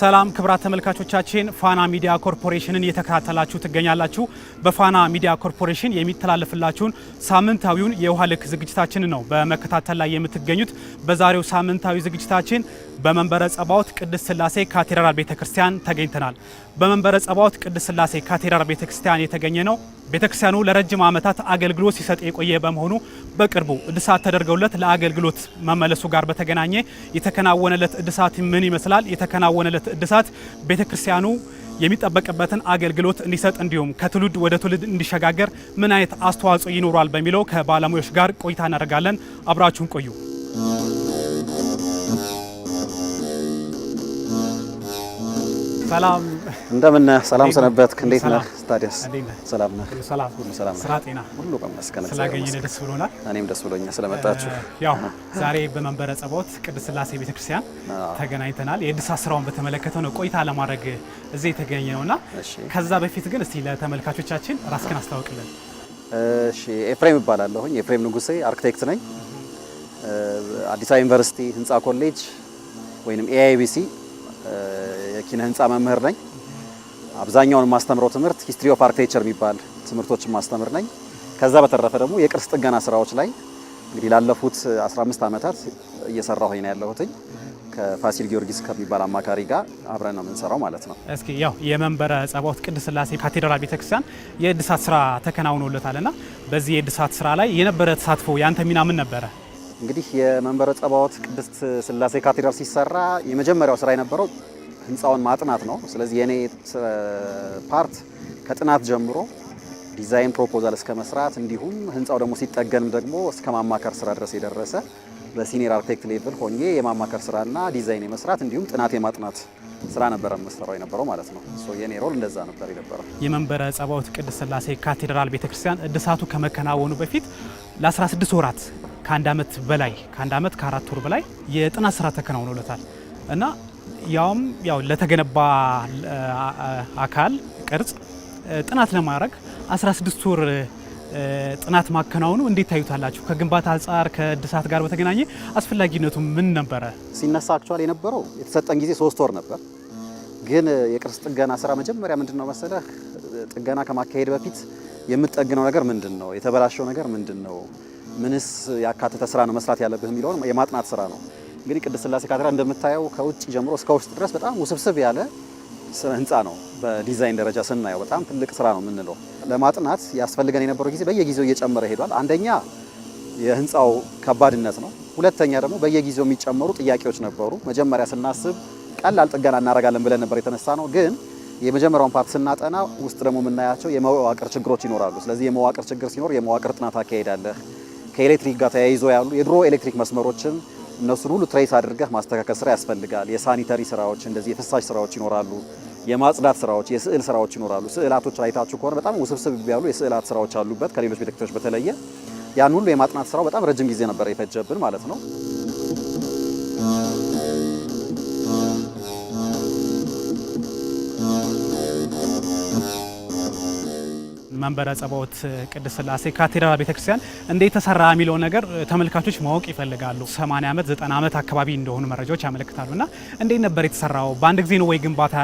ሰላም ክብራት ተመልካቾቻችን፣ ፋና ሚዲያ ኮርፖሬሽንን እየተከታተላችሁ ትገኛላችሁ። በፋና ሚዲያ ኮርፖሬሽን የሚተላለፍላችሁን ሳምንታዊውን የውሃ ልክ ዝግጅታችን ነው በመከታተል ላይ የምትገኙት። በዛሬው ሳምንታዊ ዝግጅታችን በመንበረ ጸባዖት ቅድስት ስላሴ ካቴድራል ቤተክርስቲያን ተገኝተናል። በመንበረ ጸባዖት ቅድስት ስላሴ ካቴድራል ቤተክርስቲያን የተገኘ ነው። ቤተክርስቲያኑ ለረጅም ዓመታት አገልግሎት ሲሰጥ የቆየ በመሆኑ በቅርቡ እድሳት ተደርገውለት ለአገልግሎት መመለሱ ጋር በተገናኘ የተከናወነለት እድሳት ምን ይመስላል? የተከናወነለት እድሳት ቤተክርስቲያኑ የሚጠበቅበትን አገልግሎት እንዲሰጥ እንዲሁም ከትውልድ ወደ ትውልድ እንዲሸጋገር ምን አይነት አስተዋጽኦ ይኖሯል በሚለው ከባለሙያዎች ጋር ቆይታ እናደርጋለን። አብራችሁን ቆዩ። ሰላም እንደምን ሰላም ሰነበትክ? እንዴት ነህ ታዲያስ? ሰላም ነህ? ሰላም ሁሉ ሰላም ስራ ጤና ሁሉ ቀመስከነ ስላገኘን ደስ ብሎናል። እኔም ደስ ብሎኛል ስለመጣችሁ። ያው ዛሬ በመንበረ ጸባዖት ቅድስት ሥላሴ ቤተክርስቲያን ተገናኝተናል። የእድሳት ስራውን በተመለከተ ነው ቆይታ ለማድረግ እዚህ የተገኘ ነውና፣ ከዛ በፊት ግን እስቲ ለተመልካቾቻችን ራስህን አስታውቅልን። እሺ፣ ኤፍሬም እባላለሁኝ። ኤፍሬም ንጉሴ አርክቴክት ነኝ። አዲስ አበባ ዩኒቨርሲቲ ህንፃ ኮሌጅ ወይንም ኤአይቢሲ የኪነ ህንፃ መምህር ነኝ። አብዛኛውን የማስተምረው ትምህርት ሂስትሪ ኦፍ አርክቴክቸር የሚባል ትምህርቶችን ማስተምር ነኝ። ከዛ በተረፈ ደግሞ የቅርስ ጥገና ስራዎች ላይ እንግዲህ ላለፉት 15 ዓመታት እየሰራሁ ነው ያለሁትኝ ከፋሲል ጊዮርጊስ ከሚባል አማካሪ ጋር አብረን ነው የምንሰራው ማለት ነው። እስኪ ያው የመንበረ ጸባኦት ቅድስት ስላሴ ካቴድራል ቤተክርስቲያን የእድሳት ስራ ተከናውኖለታል እና በዚህ የእድሳት ስራ ላይ የነበረ ተሳትፎ ያንተ ሚና ምን ነበረ? እንግዲህ የመንበረ ጸባኦት ቅድስት ስላሴ ካቴድራል ሲሰራ የመጀመሪያው ስራ የነበረው ህንፃውን ማጥናት ነው። ስለዚህ የኔ ፓርት ከጥናት ጀምሮ ዲዛይን ፕሮፖዛል እስከ መስራት እንዲሁም ህንፃው ደግሞ ሲጠገንም ደግሞ እስከ ማማከር ስራ ድረስ የደረሰ በሲኒየር አርክቴክት ሌቭል ሆኜ የማማከር ስራና ዲዛይን የመስራት እንዲሁም ጥናት የማጥናት ስራ ነበረ መሰራው የነበረው ማለት ነው። የኔ ሮል እንደዛ ነበር የነበረው። የመንበረ ጸባኦት ቅድስት ስላሴ ካቴድራል ቤተክርስቲያን እድሳቱ ከመከናወኑ በፊት ለ16 ወራት ከአንድ ዓመት በላይ ከአንድ ዓመት ከአራት ወር በላይ የጥናት ስራ ተከናውኖለታል እና ያውም ያው ለተገነባ አካል ቅርጽ ጥናት ለማድረግ 16 ወር ጥናት ማከናወኑ እንዴት ታዩታላችሁ? ከግንባታ አንጻር ከእድሳት ጋር በተገናኘ አስፈላጊነቱ ምን ነበረ? ሲነሳ አክቹዋል የነበረው የተሰጠን ጊዜ ሶስት ወር ነበር። ግን የቅርስ ጥገና ስራ መጀመሪያ ምንድን ነው መሰለህ፣ ጥገና ከማካሄድ በፊት የምትጠግነው ነገር ምንድን ነው፣ የተበላሸው ነገር ምንድን ነው፣ ምንስ ያካተተ ስራ ነው መስራት ያለብህ የሚለውን የማጥናት ስራ ነው። እንግዲህ ቅድስት ስላሴ ካቴድራል እንደምታየው ከውጭ ጀምሮ እስከ ውስጥ ድረስ በጣም ውስብስብ ያለ ህንፃ ነው። በዲዛይን ደረጃ ስናየው በጣም ትልቅ ስራ ነው የምንለው። ለማጥናት ያስፈልገን የነበረው ጊዜ በየጊዜው እየጨመረ ሄዷል። አንደኛ የህንፃው ከባድነት ነው። ሁለተኛ ደግሞ በየጊዜው የሚጨመሩ ጥያቄዎች ነበሩ። መጀመሪያ ስናስብ ቀላል ጥገና እናደርጋለን ብለን ነበር የተነሳ ነው። ግን የመጀመሪያውን ፓርት ስናጠና ውስጥ ደግሞ የምናያቸው የመዋቅር ችግሮች ይኖራሉ። ስለዚህ የመዋቅር ችግር ሲኖር የመዋቅር ጥናት አካሄዳለህ። ከኤሌክትሪክ ጋር ተያይዞ ያሉ የድሮ ኤሌክትሪክ መስመሮችን እነሱን ሁሉ ትሬስ አድርገህ ማስተካከል ስራ ያስፈልጋል። የሳኒተሪ ስራዎች እንደዚህ የፍሳሽ ስራዎች ይኖራሉ። የማጽዳት ስራዎች፣ የስዕል ስራዎች ይኖራሉ። ስዕላቶች አይታችሁ ከሆነ በጣም ውስብስብ ያሉ የስዕላት ስራዎች አሉበት ከሌሎች ቤተክርስቲያኖች በተለየ ያን ሁሉ የማጥናት ስራው በጣም ረጅም ጊዜ ነበር የፈጀብን ማለት ነው። መንበረ ጸባኦት ቅድስት ስላሴ ካቴድራል ቤተክርስቲያን እንዴት ተሰራ የሚለው ነገር ተመልካቾች ማወቅ ይፈልጋሉ። 80 ዓመት 90 ዓመት አካባቢ እንደሆኑ መረጃዎች ያመለክታሉ። እና እንዴት ነበር የተሰራው? በአንድ ጊዜ ነው ወይ ግንባታ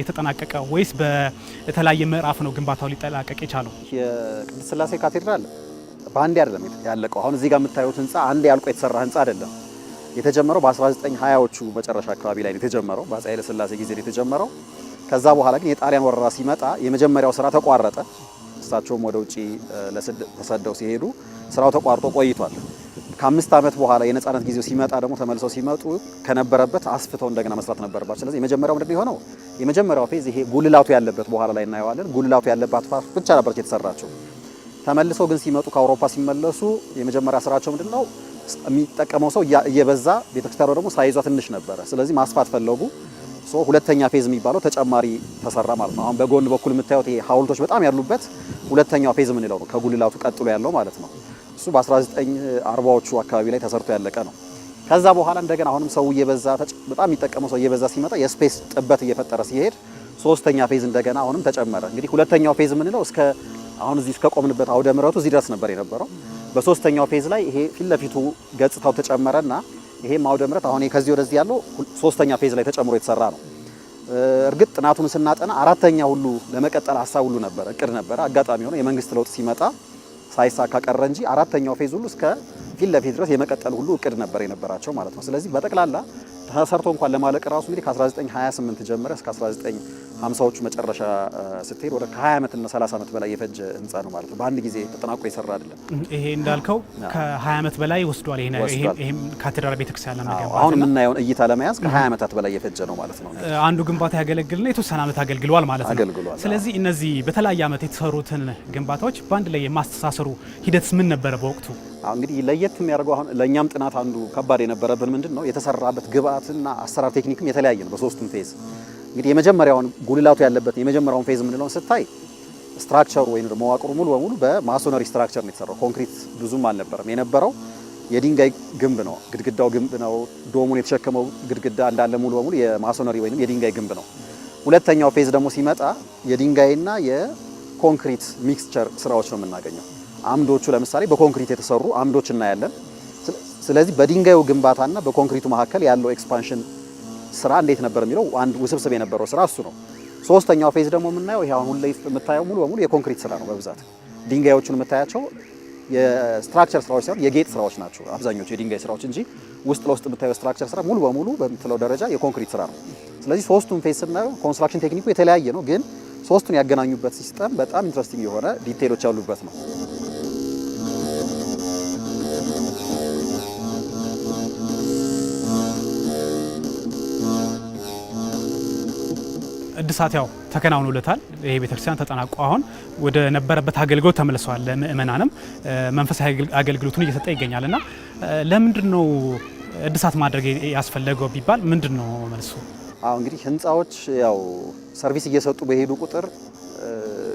የተጠናቀቀ ወይስ በተለያየ ምዕራፍ ነው ግንባታው ሊጠናቀቅ የቻለው? የቅድስት ስላሴ ካቴድራል በአንድ አይደለም ያለቀው። አሁን እዚህ ጋር የምታዩት ህንፃ አንድ ያልቆ የተሰራ ህንፃ አይደለም። የተጀመረው በ1920ዎቹ መጨረሻ አካባቢ ላይ ነው የተጀመረው። በአፄ ኃይለ ስላሴ ጊዜ ነው የተጀመረው። ከዛ በኋላ ግን የጣሊያን ወረራ ሲመጣ የመጀመሪያው ስራ ተቋረጠ። እሳቸውም ወደ ውጪ ተሰደው ሲሄዱ ስራው ተቋርጦ ቆይቷል። ከአምስት ዓመት በኋላ የነጻነት ጊዜው ሲመጣ ደግሞ ተመልሰው ሲመጡ ከነበረበት አስፍተው እንደገና መስራት ነበረባቸው። ስለዚህ የመጀመሪያው ምንድን የሆነው የመጀመሪያው ፌዝ ይሄ ጉልላቱ ያለበት በኋላ ላይ እናየዋለን። ጉልላቱ ያለባት ፋፍ ብቻ ነበረች የተሰራቸው። ተመልሰው ግን ሲመጡ ከአውሮፓ ሲመለሱ የመጀመሪያ ስራቸው ምንድን ነው? የሚጠቀመው ሰው እየበዛ ቤተክርስቲያኑ ደግሞ ሳይዟ ትንሽ ነበረ። ስለዚህ ማስፋት ፈለጉ። ሁለተኛ ፌዝ የሚባለው ተጨማሪ ተሰራ ማለት ነው። አሁን በጎን በኩል የምታዩት ሀውልቶች በጣም ያሉበት ሁለተኛው ፌዝ የምንለው ነው ከጉልላቱ ቀጥሎ ያለው ማለት ነው። እሱ በ1940ዎቹ አካባቢ ላይ ተሰርቶ ያለቀ ነው። ከዛ በኋላ እንደገና አሁንም ሰው እየበዛ በጣም የሚጠቀመው ሰው እየበዛ ሲመጣ የስፔስ ጥበት እየፈጠረ ሲሄድ ሶስተኛ ፌዝ እንደገና አሁንም ተጨመረ። እንግዲህ ሁለተኛው ፌዝ የምንለው እስከ አሁን እዚህ እስከቆምንበት አውደ ምረቱ እዚህ ድረስ ነበር የነበረው። በሶስተኛው ፌዝ ላይ ይሄ ፊት ለፊቱ ገጽታው ተጨመረና ይሄም አውደ ምረት አሁን ከዚህ ወደዚህ ያለው ሶስተኛ ፌዝ ላይ ተጨምሮ የተሰራ ነው። እርግጥ ጥናቱን ስናጠና አራተኛ ሁሉ ለመቀጠል ሀሳብ ሁሉ ነበረ፣ እቅድ ነበረ። አጋጣሚ ሆኖ የመንግስት ለውጥ ሲመጣ ሳይሳካ ቀረ እንጂ አራተኛው ፌዝ ሁሉ እስከ ፊት ለፊት ድረስ የመቀጠል ሁሉ እቅድ ነበር የነበራቸው ማለት ነው። ስለዚህ በጠቅላላ ተሰርቶ እንኳን ለማለቅ ራሱ እንግዲህ ከ1928 ጀምረ እስከ ሀምሳዎቹ መጨረሻ ስትሄድ ወደ ከ20 ዓመትና 30 ዓመት በላይ የፈጀ ህንፃ ነው ማለት ነው። በአንድ ጊዜ ተጠናቆ የሰራ አይደለም። ይሄ እንዳልከው ከ20 ዓመት በላይ ወስዷል። ይሄም ካቴድራል ቤተክርስቲያን ለመገንባት አሁን የምናየውን እይታ ለመያዝ ከ20 ዓመታት በላይ የፈጀ ነው ማለት ነው። አንዱ ግንባታ ያገለግልና የተወሰነ ዓመት አገልግሏል ማለት ነው። አገልግሏል። ስለዚህ እነዚህ በተለያየ ዓመት የተሰሩትን ግንባታዎች በአንድ ላይ የማስተሳሰሩ ሂደትስ ምን ነበረ በወቅቱ? እንግዲህ ለየት የሚያደርገው አሁን ለእኛም ጥናት አንዱ ከባድ የነበረብን ምንድን ነው የተሰራበት ግብአትና አሰራር ቴክኒክም የተለያየ ነው በሶስቱም ፌዝ እንግዲህ የመጀመሪያውን ጉልላቱ ያለበት የመጀመሪያውን ፌዝ የምንለውን ስታይ ስትራክቸሩ ወይም መዋቅሩ ሙሉ በሙሉ በማሶነሪ ስትራክቸር ነው የተሰራው። ኮንክሪት ብዙም አልነበረም የነበረው የድንጋይ ግንብ ነው። ግድግዳው ግንብ ነው። ዶሙን የተሸከመው ግድግዳ እንዳለ ሙሉ በሙሉ የማሶነሪ ወይም የድንጋይ ግንብ ነው። ሁለተኛው ፌዝ ደግሞ ሲመጣ የድንጋይና የኮንክሪት ሚክስቸር ስራዎች ነው የምናገኘው። አምዶቹ ለምሳሌ በኮንክሪት የተሰሩ አምዶች እናያለን። ስለዚህ በድንጋዩ ግንባታና በኮንክሪቱ መካከል ያለው ኤክስፓንሽን ስራ እንዴት ነበር የሚለው አንድ ውስብስብ የነበረው ስራ እሱ ነው። ሶስተኛው ፌዝ ደግሞ የምናየው ይሄ አሁን ላይ የምታየው ሙሉ በሙሉ የኮንክሪት ስራ ነው። በብዛት ድንጋዮቹን የምታያቸው የስትራክቸር ስራዎች ሳይሆን የጌጥ ስራዎች ናቸው አብዛኞቹ የድንጋይ ስራዎች እንጂ ውስጥ ለውስጥ የምታየው ስትራክቸር ስራ ሙሉ በሙሉ በምትለው ደረጃ የኮንክሪት ስራ ነው። ስለዚህ ሶስቱን ፌዝ ስናየው ኮንስትራክሽን ቴክኒኩ የተለያየ ነው፣ ግን ሶስቱን ያገናኙበት ሲስተም በጣም ኢንትረስቲንግ የሆነ ዲቴሎች ያሉበት ነው። እድሳት ያው ተከናውኖለታል። ይሄ ቤተክርስቲያን ተጠናቆ አሁን ወደ ነበረበት አገልግሎት ተመልሷል። ለምእመናንም መንፈሳዊ አገልግሎቱን እየሰጠ እና ለምንድን ነው እድሳት ማድረግ ያስፈለገው ቢባል ምንድን ነው መልሱ? አሁ እንግዲህ ህንፃዎች ያው ሰርቪስ እየሰጡ በሄዱ ቁጥር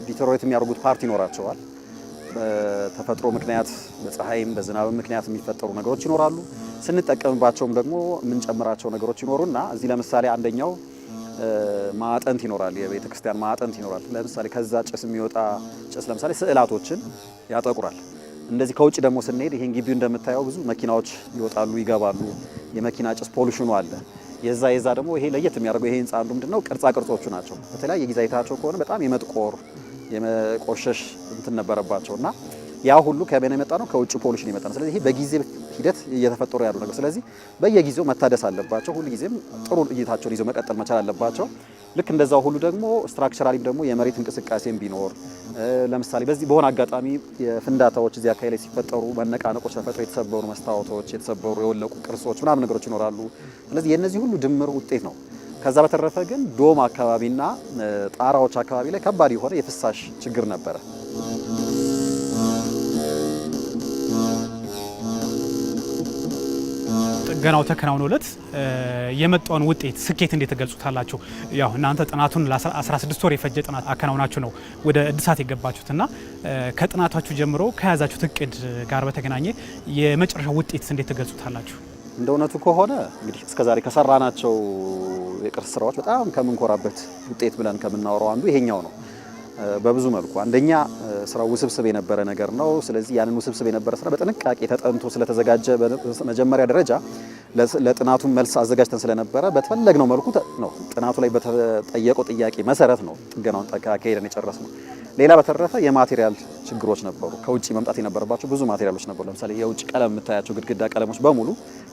ዲተሮይት የሚያደርጉት ፓርት ይኖራቸዋል። በተፈጥሮ ምክንያት በፀሐይም በዝናብ ምክንያት የሚፈጠሩ ነገሮች ይኖራሉ። ስንጠቀምባቸውም ደግሞ የምንጨምራቸው ነገሮች ይኖሩና እዚህ ለምሳሌ አንደኛው ማዕጠንት ይኖራል፣ የቤተ ክርስቲያን ማዕጠንት ይኖራል። ለምሳሌ ከዛ ጭስ የሚወጣ ጭስ ለምሳሌ ስዕላቶችን ያጠቁራል። እንደዚህ ከውጭ ደግሞ ስንሄድ ይሄን ግቢው እንደምታየው ብዙ መኪናዎች ይወጣሉ፣ ይገባሉ። የመኪና ጭስ ፖሉሽኑ አለ። የዛ የዛ ደግሞ ይሄ ለየት የሚያደርገው ይሄ ህንፃ አንዱ ምንድነው ቅርጻ ቅርጾቹ ናቸው። በተለያየ ጊዜ አይታቸው ከሆነ በጣም የመጥቆር የመቆሸሽ እንትን ነበረባቸው እና ያ ሁሉ ከምን የመጣ ነው? ከውጭ ፖሉሽን ይመጣ ነው። ስለዚህ ይሄ በጊዜ ሂደት እየተፈጠሩ ያሉ ነገር። ስለዚህ በየጊዜው መታደስ አለባቸው። ጊዜም ጥሩ እይታቸውን ይዘው መቀጠል መቻል አለባቸው። ልክ እንደዛ ሁሉ ደግሞ ስትራክቸራሊም ደግሞ የመሬት እንቅስቃሴም ቢኖር ለምሳሌ በዚህ በሆነ አጋጣሚ የፍንዳታዎች እዚህ አካባቢ ላይ ሲፈጠሩ መነቃነቆች ተፈጥሮ የተሰበሩ መስታወቶች፣ የተሰበሩ የወለቁ ቅርሶች ምናምን ነገሮች ይኖራሉ። ስለዚህ የእነዚህ ሁሉ ድምር ውጤት ነው። ከዛ በተረፈ ግን ዶም አካባቢና ጣራዎች አካባቢ ላይ ከባድ የሆነ የፍሳሽ ችግር ነበረ። ጥገናው ተከናውኖለት የመጣውን ውጤት ስኬት እንዴት ተገልጹታላችሁ? ያው እናንተ ጥናቱን ለ16 ወር የፈጀ ጥናት አከናውናችሁ ነው ወደ እድሳት የገባችሁትና ከጥናታችሁ ጀምሮ ከያዛችሁት እቅድ ጋር በተገናኘ የመጨረሻ ውጤት እንዴት ተገልጹታላችሁ? እንደ እውነቱ ከሆነ እንግዲህ እስከዛሬ ከሰራናቸው የቅርስ ስራዎች በጣም ከምንኮራበት ውጤት ብለን ከምናወረው አንዱ ይሄኛው ነው። በብዙ መልኩ አንደኛ ስራው ውስብስብ የነበረ ነገር ነው። ስለዚህ ያንን ውስብስብ የነበረ ስራ በጥንቃቄ ተጠንቶ ስለተዘጋጀ መጀመሪያ ደረጃ ለጥናቱ መልስ አዘጋጅተን ስለነበረ በተፈለግነው መልኩ ነው ጥናቱ ላይ በተጠየቀው ጥያቄ መሰረት ነው ጥገናውን የጨረስ ነው ሌላ በተረፈ የማቴሪያል ችግሮች ነበሩ። ከውጭ መምጣት የነበረባቸው ብዙ ማቴሪያሎች ነበሩ። ለምሳሌ የውጭ ቀለም የምታያቸው ግድግዳ ቀለሞች በሙሉ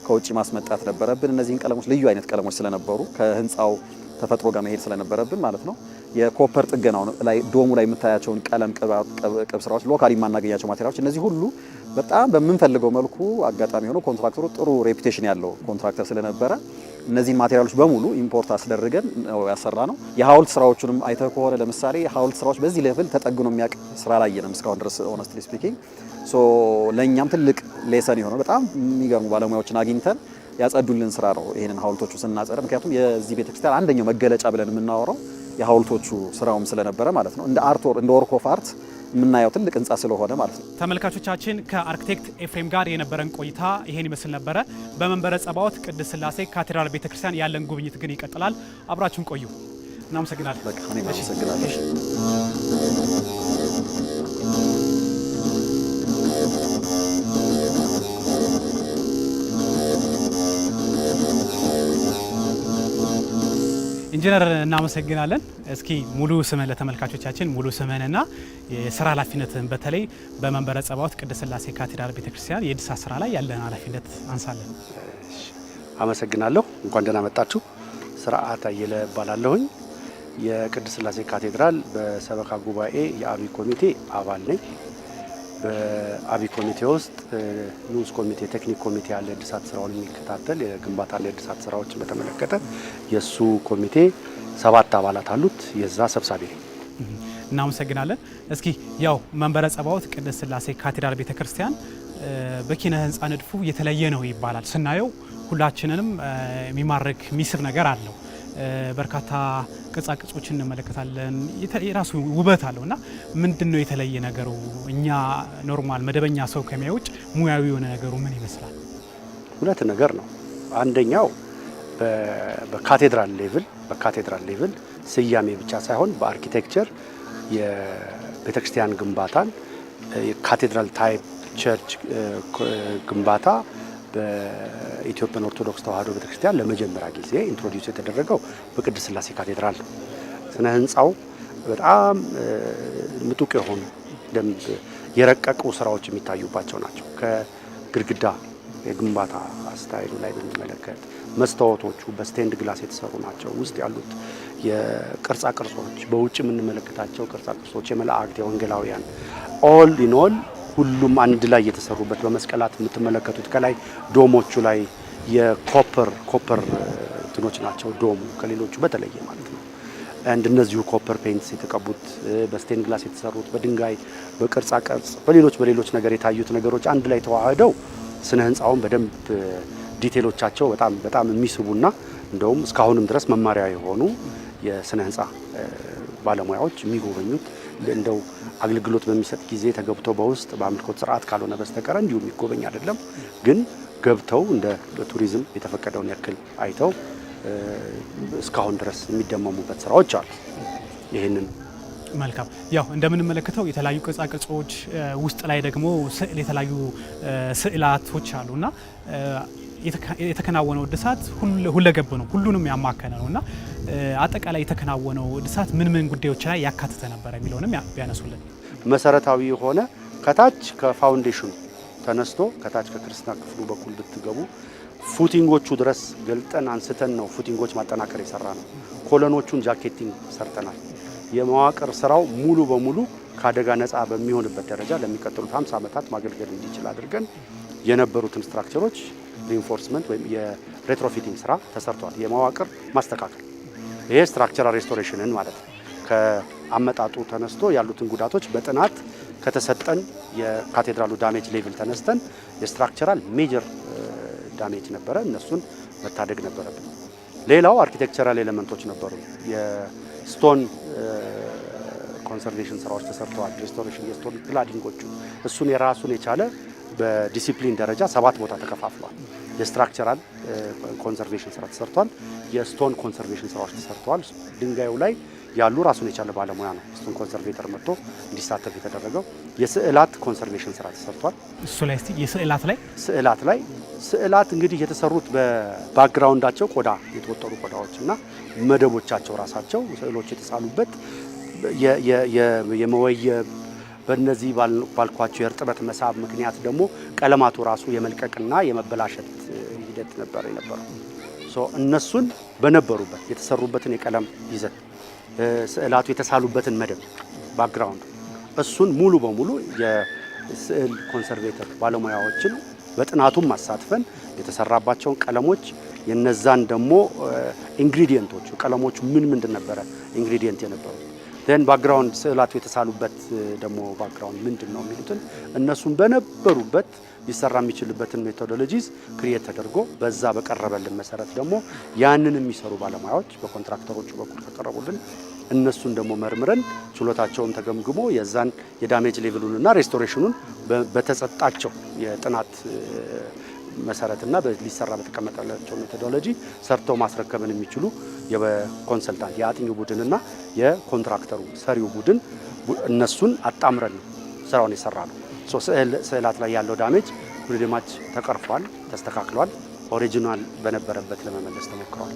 ከውጭ ማስመጣት ነበረብን። እነዚህን ቀለሞች ልዩ አይነት ቀለሞች ስለነበሩ ከህንፃው ተፈጥሮ ጋር መሄድ ስለነበረብን ማለት ነው። የኮፐር ጥገናው ላይ ዶሙ ላይ የምታያቸውን ቀለም፣ ቅብ ስራዎች፣ ሎካሊ የማናገኛቸው ማቴሪያሎች እነዚህ ሁሉ በጣም በምንፈልገው መልኩ አጋጣሚ ሆኖ ኮንትራክተሩ ጥሩ ሬፒቴሽን ያለው ኮንትራክተር ስለነበረ እነዚህ ማቴሪያሎች በሙሉ ኢምፖርት አስደርገን ነው ያሰራ ነው። የሀውልት ስራዎቹንም አይተ ከሆነ ለምሳሌ ሀውልት ስራዎች በዚህ ሌቭል ተጠግኖ የሚያውቅ ስራ ነው እስካሁን ድረስ ኦነስትሊ ስፒኪንግ። ሶ ለእኛም ትልቅ ሌሰን የሆነ በጣም የሚገርሙ ባለሙያዎችን አግኝተን ያጸዱልን ስራ ነው ይህንን ሀውልቶቹ ስናጸረ። ምክንያቱም የዚህ ቤተክርስቲያን አንደኛው መገለጫ ብለን የምናወራው የሀውልቶቹ ስራውም ስለነበረ ማለት ነው እንደ አርቶር እንደ ወርክ አርት የምናየው ትልቅ ህንፃ ስለሆነ ማለት ነው። ተመልካቾቻችን ከአርክቴክት ኤፍሬም ጋር የነበረን ቆይታ ይሄን ይመስል ነበረ። በመንበረ ጸባዖት ቅድስት ስላሴ ካቴድራል ቤተክርስቲያን ያለን ጉብኝት ግን ይቀጥላል። አብራችሁን ቆዩ። እናመሰግናለን። በቃ እኔ አመሰግናለሁ። ኢንጂነር እናመሰግናለን። እስኪ ሙሉ ስምህን ለተመልካቾቻችን ሙሉ ስምህንና የስራ ኃላፊነትን በተለይ በመንበረ ጸባዖት ቅድስት ስላሴ ካቴድራል ቤተክርስቲያን የድሳት ስራ ላይ ያለን ኃላፊነት አንሳለን። አመሰግናለሁ። እንኳን ደህና መጣችሁ። ስርዓት አየለ እባላለሁኝ። የቅድስት ስላሴ ካቴድራል በሰበካ ጉባኤ የአብይ ኮሚቴ አባል ነኝ። በአቢ ኮሚቴ ውስጥ ንዑስ ኮሚቴ ቴክኒክ ኮሚቴ ያለ እድሳት ስራውን የሚከታተል የግንባታ ለእድሳት ስራዎችን በተመለከተ የእሱ ኮሚቴ ሰባት አባላት አሉት። የዛ ሰብሳቢ ነው። እናመሰግናለን። እስኪ ያው መንበረ ጸባዖት ቅድስት ስላሴ ካቴድራል ቤተ ክርስቲያን በኪነ ህንፃ ንድፉ የተለየ ነው ይባላል። ስናየው ሁላችንንም የሚማርክ የሚስብ ነገር አለው። በርካታ ቅጻቅጾች እንመለከታለን። የራሱ ውበት አለው እና ምንድን ነው የተለየ ነገሩ? እኛ ኖርማል መደበኛ ሰው ከሚያ ውጭ ሙያዊ የሆነ ነገሩ ምን ይመስላል? ሁለት ነገር ነው። አንደኛው በካቴድራል ሌቭል በካቴድራል ሌቭል ስያሜ ብቻ ሳይሆን በአርኪቴክቸር የቤተክርስቲያን ግንባታን የካቴድራል ታይፕ ቸርች ግንባታ በኢትዮጵያን ኦርቶዶክስ ተዋህዶ ቤተክርስቲያን ለመጀመሪያ ጊዜ ኢንትሮዲውስ የተደረገው በቅድስት ስላሴ ካቴድራል ስነ ህንፃው በጣም ምጡቅ የሆኑ ደንብ የረቀቁ ስራዎች የሚታዩባቸው ናቸው። ከግድግዳ የግንባታ ስታይሉ ላይ ብንመለከት መስታወቶቹ በስቴንድ ግላስ የተሰሩ ናቸው። ውስጥ ያሉት የቅርጻ ቅርጾች፣ በውጭ የምንመለከታቸው ቅርጻ ቅርጾች የመላእክት የወንጌላውያን ኦል ኢን ኦል ሁሉም አንድ ላይ የተሰሩበት በመስቀላት የምትመለከቱት ከላይ ዶሞቹ ላይ የኮፐር ኮፐር እንትኖች ናቸው። ዶሙ ከሌሎቹ በተለየ ማለት ነው። አንድ እነዚሁ ኮፐር ፔንትስ የተቀቡት በስቴን ግላስ የተሰሩት በድንጋይ በቅርጻ ቅርጽ በሌሎች በሌሎች ነገር የታዩት ነገሮች አንድ ላይ ተዋህደው ስነ ህንፃውን በደንብ ዲቴሎቻቸው በጣም በጣም የሚስቡና እንደውም እስካሁንም ድረስ መማሪያ የሆኑ የስነ ህንፃ ባለሙያዎች የሚጎበኙት እንደው አገልግሎት በሚሰጥ ጊዜ ተገብቶ በውስጥ በአምልኮት ስርዓት ካልሆነ በስተቀረ እንዲሁ የሚጎበኝ አይደለም። ግን ገብተው እንደ ቱሪዝም የተፈቀደውን ያክል አይተው እስካሁን ድረስ የሚደመሙበት ስራዎች አሉ። ይህንን መልካም ያው እንደምንመለከተው የተለያዩ ቅርጻቅርጾች ውስጥ ላይ ደግሞ ስዕል የተለያዩ ስዕላቶች አሉና የተከናወነው እድሳት ሁለገብ ነው፣ ሁሉንም ያማከለ ነው እና አጠቃላይ የተከናወነው እድሳት ምን ምን ጉዳዮች ላይ ያካተተ ነበረ የሚለውንም ቢያነሱልን። መሰረታዊ የሆነ ከታች ከፋውንዴሽኑ ተነስቶ ከታች ከክርስትና ክፍሉ በኩል ብትገቡ ፉቲንጎቹ ድረስ ገልጠን አንስተን ነው ፉቲንጎች ማጠናከር የሰራ ነው። ኮለኖቹን ጃኬቲንግ ሰርተናል። የመዋቅር ስራው ሙሉ በሙሉ ከአደጋ ነፃ በሚሆንበት ደረጃ ለሚቀጥሉት 50 ዓመታት ማገልገል እንዲችል አድርገን የነበሩትን ስትራክቸሮች ሪንፎርስመንት ወይም የሬትሮፊቲንግ ስራ ተሰርቷል። የመዋቅር ማስተካከል ይሄ ስትራክቸራል ሬስቶሬሽንን ማለት ነው። ከአመጣጡ ተነስቶ ያሉትን ጉዳቶች በጥናት ከተሰጠን የካቴድራሉ ዳሜጅ ሌቭል ተነስተን የስትራክቸራል ሜጀር ዳሜጅ ነበረ፣ እነሱን መታደግ ነበረብን። ሌላው አርኪቴክቸራል ኤሌመንቶች ነበሩ። የስቶን ኮንሰርቬሽን ስራዎች ተሰርተዋል። ሬስቶሬሽን የስቶን ክላዲንጎቹ እሱን የራሱን የቻለ በዲሲፕሊን ደረጃ ሰባት ቦታ ተከፋፍሏል። የስትራክቸራል ኮንሰርቬሽን ስራ ተሰርቷል። የስቶን ኮንሰርቬሽን ስራዎች ተሰርተዋል። ድንጋዩ ላይ ያሉ ራሱን የቻለ ባለሙያ ነው እሱን ኮንሰርቬተር መጥቶ እንዲሳተፍ የተደረገው። የስዕላት ኮንሰርቬሽን ስራ ተሰርቷል። እሱ ላይ እስቲ የስዕላት ላይ ስዕላት ላይ ስዕላት እንግዲህ የተሰሩት በባክግራውንዳቸው ቆዳ የተወጠሩ ቆዳዎች እና መደቦቻቸው ራሳቸው ስዕሎች የተሳሉበት የመወየብ በእነዚህ ባልኳቸው የእርጥበት መሳብ ምክንያት ደግሞ ቀለማቱ ራሱ የመልቀቅና የመበላሸት ሂደት ነበር የነበረው። እነሱን በነበሩበት የተሰሩበትን የቀለም ይዘት ስዕላቱ የተሳሉበትን መደብ ባክግራውንድ እሱን ሙሉ በሙሉ የስዕል ኮንሰርቬተር ባለሙያዎችን በጥናቱም አሳትፈን የተሰራባቸውን ቀለሞች የነዛን ደግሞ ኢንግሪዲየንቶቹ ቀለሞቹ ምን ምንድን ነበረ ኢንግሪዲየንት የነበሩ ደን ባክግራውንድ ስዕላቱ የተሳሉበት ደግሞ ባክግራውንድ ምንድን ነው የሚሉትን እነሱን በነበሩበት ሊሰራ የሚችልበትን ሜቶዶሎጂዝ ክሪኤት ተደርጎ በዛ በቀረበልን መሰረት ደግሞ ያንን የሚሰሩ ባለሙያዎች በኮንትራክተሮቹ በኩል ከቀረቡልን እነሱን ደግሞ መርምረን ችሎታቸውን ተገምግሞ የዛን የዳሜጅ ሌቭሉንና ሬስቶሬሽኑን በተሰጣቸው የጥናት መሰረትና ሊሰራ በተቀመጠላቸው ሜቶዶሎጂ ሰርቶ ማስረከብን የሚችሉ የኮንሰልታንት የአጥኙ ቡድንና የኮንትራክተሩ ሰሪው ቡድን እነሱን አጣምረን ስራውን የሰራ ነው። ስዕላት ላይ ያለው ዳሜጅ ሪማች ተቀርፏል፣ ተስተካክሏል። ኦሪጂናል በነበረበት ለመመለስ ተሞክሯል።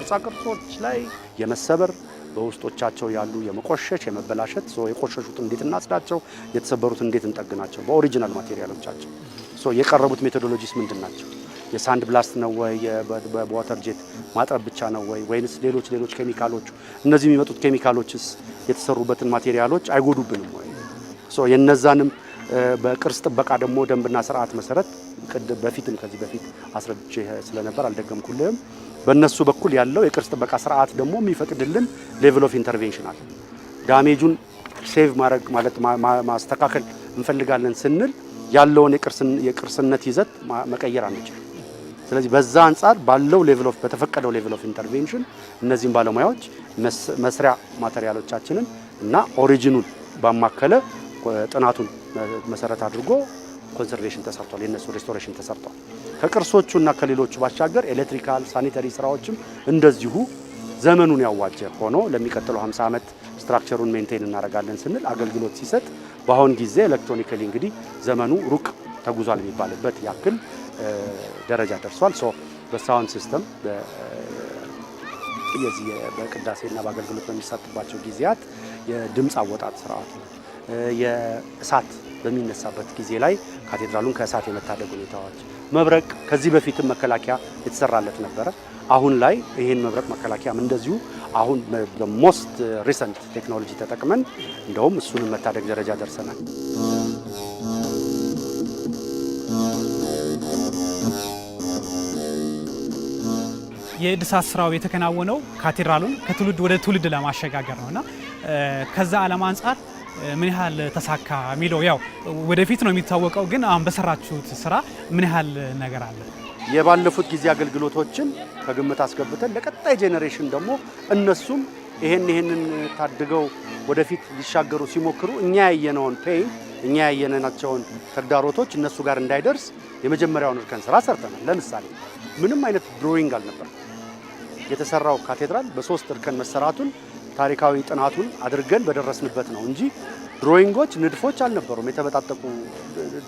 ቅርጻ ቅርጾች ላይ የመሰበር በውስጦቻቸው ያሉ የመቆሸሽ የመበላሸት የቆሸሹት እንዴት እናጽዳቸው፣ የተሰበሩት እንዴት እንጠግናቸው በኦሪጂናል ማቴሪያሎቻቸው። የቀረቡት ሜቶዶሎጂስ ምንድን ናቸው? የሳንድ ብላስት ነው ወይ በዋተር ጄት ማጥረብ ብቻ ነው ወይ ወይንስ ሌሎች ሌሎች ኬሚካሎች፣ እነዚህ የሚመጡት ኬሚካሎችስ የተሰሩበትን ማቴሪያሎች አይጎዱብንም ወይ? የነዛንም በቅርስ ጥበቃ ደግሞ ደንብና ስርዓት መሰረት በፊትም ከዚህ በፊት አስረድቼ ስለነበር አልደገምኩልህም። በእነሱ በኩል ያለው የቅርስ ጥበቃ ስርዓት ደግሞ የሚፈቅድልን ሌቭል ኦፍ ኢንተርቬንሽን አለ። ዳሜጁን ሴቭ ማድረግ ማለት ማስተካከል እንፈልጋለን ስንል ያለውን የቅርስነት ይዘት መቀየር አንችል። ስለዚህ በዛ አንጻር ባለው ሌቭል ኦፍ በተፈቀደው ሌቭል ኦፍ ኢንተርቬንሽን እነዚህም ባለሙያዎች መስሪያ ማቴሪያሎቻችንን እና ኦሪጂኑን ባማከለ ጥናቱን መሰረት አድርጎ ኮንሰርቬሽን ተሰርቷል፣ የነሱ ሬስቶሬሽን ተሰርቷል። ከቅርሶቹ እና ከሌሎቹ ባሻገር ኤሌክትሪካል፣ ሳኒተሪ ስራዎችም እንደዚሁ ዘመኑን ያዋጀ ሆኖ ለሚቀጥለው 50 ዓመት ስትራክቸሩን ሜንቴን እናደርጋለን ስንል አገልግሎት ሲሰጥ በአሁን ጊዜ ኤሌክትሮኒካሊ እንግዲህ ዘመኑ ሩቅ ተጉዟል የሚባልበት ያክል ደረጃ ደርሷል። ሶ በሳውንድ ሲስተም የዚህ በቅዳሴና በአገልግሎት በሚሳትባቸው ጊዜያት የድምፅ አወጣት ስርዓቱ የእሳት በሚነሳበት ጊዜ ላይ ካቴድራሉን ከእሳት የመታደግ ሁኔታዎች፣ መብረቅ ከዚህ በፊትም መከላከያ የተሰራለት ነበረ። አሁን ላይ ይህን መብረቅ መከላከያም እንደዚሁ አሁን በሞስት ሪሰንት ቴክኖሎጂ ተጠቅመን እንደውም እሱንም መታደግ ደረጃ ደርሰናል። የእድሳት ስራው የተከናወነው ካቴድራሉን ከትውልድ ወደ ትውልድ ለማሸጋገር ነውና ከዛ ዓላማ አንጻር ምን ያህል ተሳካ የሚለው ያው ወደፊት ነው የሚታወቀው። ግን አሁን በሰራችሁት ስራ ምን ያህል ነገር አለ? የባለፉት ጊዜ አገልግሎቶችን ከግምት አስገብተን ለቀጣይ ጄኔሬሽን ደግሞ እነሱም ይሄን ይሄንን ታድገው ወደፊት ሊሻገሩ ሲሞክሩ እኛ ያየነውን ፔይን እኛ ያየነናቸውን ተግዳሮቶች እነሱ ጋር እንዳይደርስ የመጀመሪያውን እርከን ስራ ሰርተናል። ለምሳሌ ምንም አይነት ድሮዊንግ አልነበር የተሰራው ካቴድራል በሶስት እርከን መሰራቱን ታሪካዊ ጥናቱን አድርገን በደረስንበት ነው እንጂ ድሮይንጎች፣ ንድፎች አልነበሩም። የተበጣጠቁ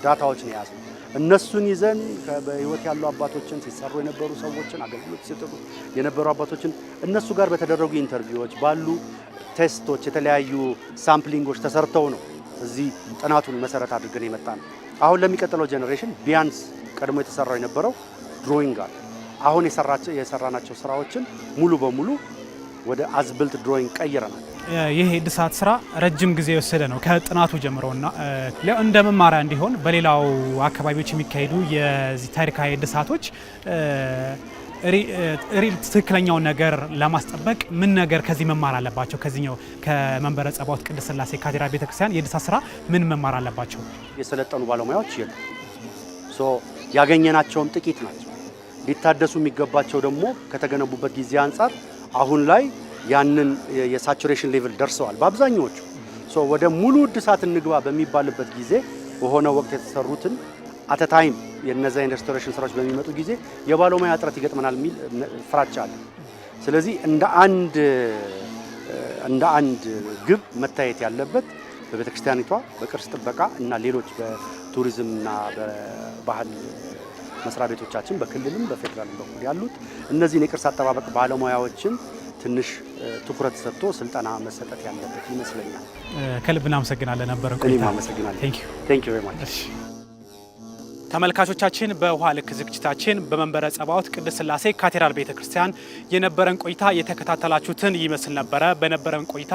ዳታዎች ነው የያዙ። እነሱን ይዘን በህይወት ያሉ አባቶችን ሲሰሩ የነበሩ ሰዎችን አገልግሎት ሲሰጡ የነበሩ አባቶችን እነሱ ጋር በተደረጉ ኢንተርቪዎች ባሉ ቴስቶች የተለያዩ ሳምፕሊንጎች ተሰርተው ነው እዚህ ጥናቱን መሰረት አድርገን የመጣ ነው። አሁን ለሚቀጥለው ጀኔሬሽን ቢያንስ ቀድሞ የተሰራው የነበረው ድሮይንግ አለ። አሁን የሰራናቸው ስራዎችን ሙሉ በሙሉ ወደ አዝብልት ድሮይንግ ቀይረናል። ይህ የእድሳት ስራ ረጅም ጊዜ የወሰደ ነው ከጥናቱ ጀምሮና እንደ መማሪያ እንዲሆን በሌላው አካባቢዎች የሚካሄዱ የዚህ ታሪካዊ እድሳቶች ሪል ትክክለኛውን ነገር ለማስጠበቅ ምን ነገር ከዚህ መማር አለባቸው? ከዚህኛው ከመንበረ ጸባኦት ቅድስት ስላሴ ካቴድራል ቤተክርስቲያን የእድሳት ስራ ምን መማር አለባቸው? የሰለጠኑ ባለሙያዎች የሉ ያገኘናቸውም ጥቂት ናቸው። ሊታደሱ የሚገባቸው ደግሞ ከተገነቡበት ጊዜ አንጻር አሁን ላይ ያንን የሳቹሬሽን ሌቭል ደርሰዋል በአብዛኛዎቹ። ወደ ሙሉ እድሳት እንግባ በሚባልበት ጊዜ በሆነ ወቅት የተሰሩትን አተታይም የነዛ ሬስቶሬሽን ስራዎች በሚመጡ ጊዜ የባለሙያ እጥረት ይገጥመናል የሚል ፍራቻ አለ። ስለዚህ እንደ አንድ እንደ አንድ ግብ መታየት ያለበት በቤተክርስቲያኒቷ በቅርስ ጥበቃ እና ሌሎች በቱሪዝምና በባህል መስሪያ ቤቶቻችን በክልልም በፌዴራልም በኩል ያሉት እነዚህን የቅርስ አጠባበቅ ባለሙያዎችን ትንሽ ትኩረት ሰጥቶ ስልጠና መሰጠት ያለበት ይመስለኛል። ከልብ እናመሰግናለን። ነበረ ቆይታ። አመሰግናለሁ። ተመልካቾቻችን በውሃ ልክ ዝግጅታችን በመንበረ ጸባዖት ቅድስት ስላሴ ካቴድራል ቤተ ክርስቲያን የነበረን ቆይታ የተከታተላችሁትን ይመስል ነበረ። በነበረን ቆይታ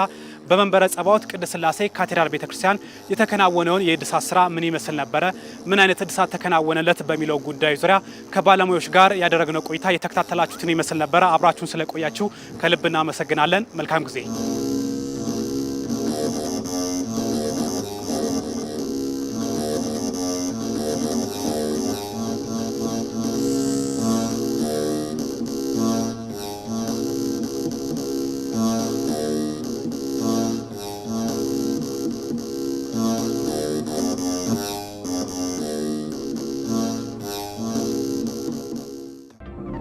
በመንበረ ጸባዖት ቅድስት ስላሴ ካቴድራል ቤተ ክርስቲያን የተከናወነውን የእድሳት ስራ ምን ይመስል ነበረ፣ ምን አይነት እድሳት ተከናወነለት በሚለው ጉዳይ ዙሪያ ከባለሙያዎች ጋር ያደረግነው ቆይታ የተከታተላችሁትን ይመስል ነበረ። አብራችሁን ስለቆያችሁ ከልብ እናመሰግናለን። መልካም ጊዜ